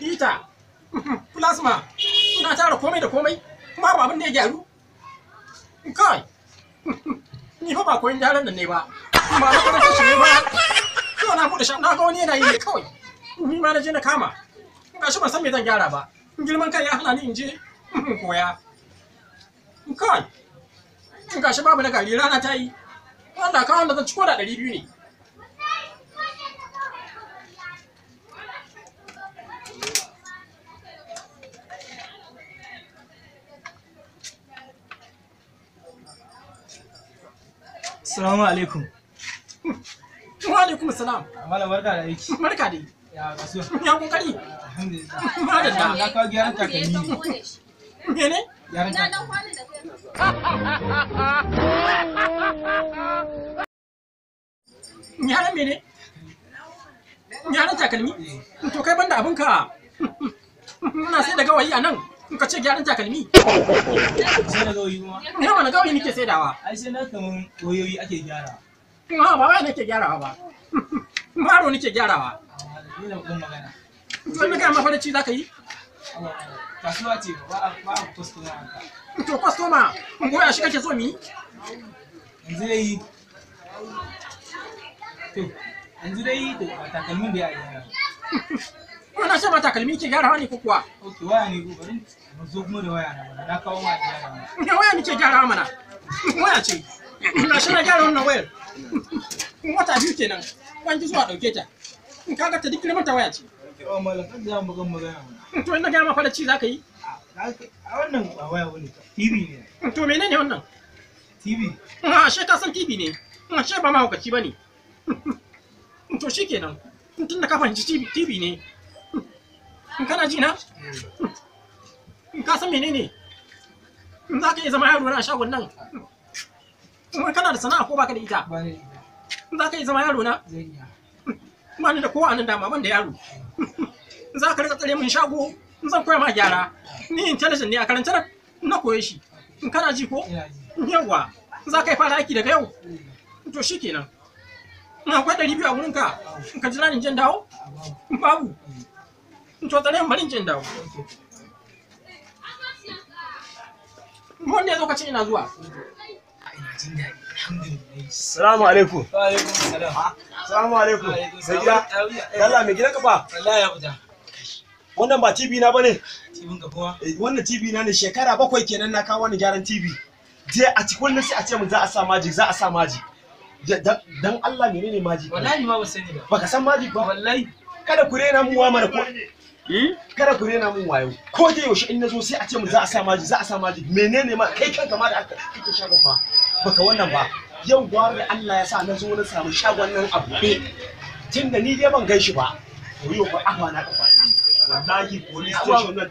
hita plasma suna tara komai da komai kuma ba abin da ya gyaru kai ni fa ba koyin gyaran nan ne ba ba na kuma shi ne ba to na bude shan na ga wani yana yi kai kawai ni ma na je na kama shi ban san me zan gyara ba girman kai ya hana ni in je koya kai gashi babu na gari rana ta yi wanda kawai da zan ci ko da ɗari biyu ne Assalamu alaikum. Wa alaikum assalam. Malam barka da aiki. Barka da Ya kasuwa. Ya kokari. Alhamdulillah. Ma da ka ta da. Ya kawo gyaran Ya Mene? me ne? Ya mene? Gyaran takalmi? Eh. To kai banda abinka. Ina sai da gawayi a nan. ka ce gyaran takalmi sai na kuma ina mana gawayi nake saidawa ai sai na kaman wayoyi ake gyara ba ba wai nake gyarawa ba maro nake gyarawa ni na kun magana to ina ga mafarci zaka yi kasuwa ce ba ba ka. to customer ko goya shi kake so mi yanzu dai to yanzu dai to takalmin da ya yi ce ma takalmi ke gyarawa ne ko kuwa okay waya ne ko bari mu zo kuma da waya na bana na kawo ma gyara ne waya ne ke gyarawa mana waya ce na shi na gyara wannan wayar wata biyu kenan ban ji zuwa dauke ta in kaga ta duk mata waya ce to oh, mallan kan da mu ga magana to ina ga ma fara ci ka yi a wannan ba waya bane TV ne to menene wannan TV a ah, she ka san TV ne a ah, she ba ma hukaci ne. to shi kenan tun da ka fahimci TV ne in kana ji na in ka san menene in za ka yi zama yaro na a shagon nan in kana da sana'a ko baka da ita in za ka yi zama yaro na ba ni da kowa nan dama ban da yaro za ka rika tsare min shago in zan koya ma gyara ni intelligent ne a karanta na koye shi in kana ji ko yawa za ka yi fara aiki daga yau to shikenan kenan, akwai ɗari biyu a wurinka ka, ka jira ni jan dawo babu to tsare jin dawo wanda ya zo ina zuwa Salamu alaikum. Salamu alaikum. Sai gida. mai fa? ya Wannan ba TV na bane. TV ka kuma. Eh, wannan TV na ne shekara bakwai kenan na kawo wani gyaran TV. Je a cikin wannan sai a ce za a sa za a sa Dan Allah menene Wallahi ma ba sani ba. Baka san ba? Wallahi. Kada ku rena mana ko Hmm? kada ku rena min wayo ko da yaushe in nazo sai a ce mu za a sa maji za a sa maji menene ma kai kanka ma da kike shagon ma baka wannan ba yau gwara da Allah ya sa na zo na samu shagon nan a buɗe tunda ni dai ban gaishi shi ba to yau ba amana ka ba wallahi police station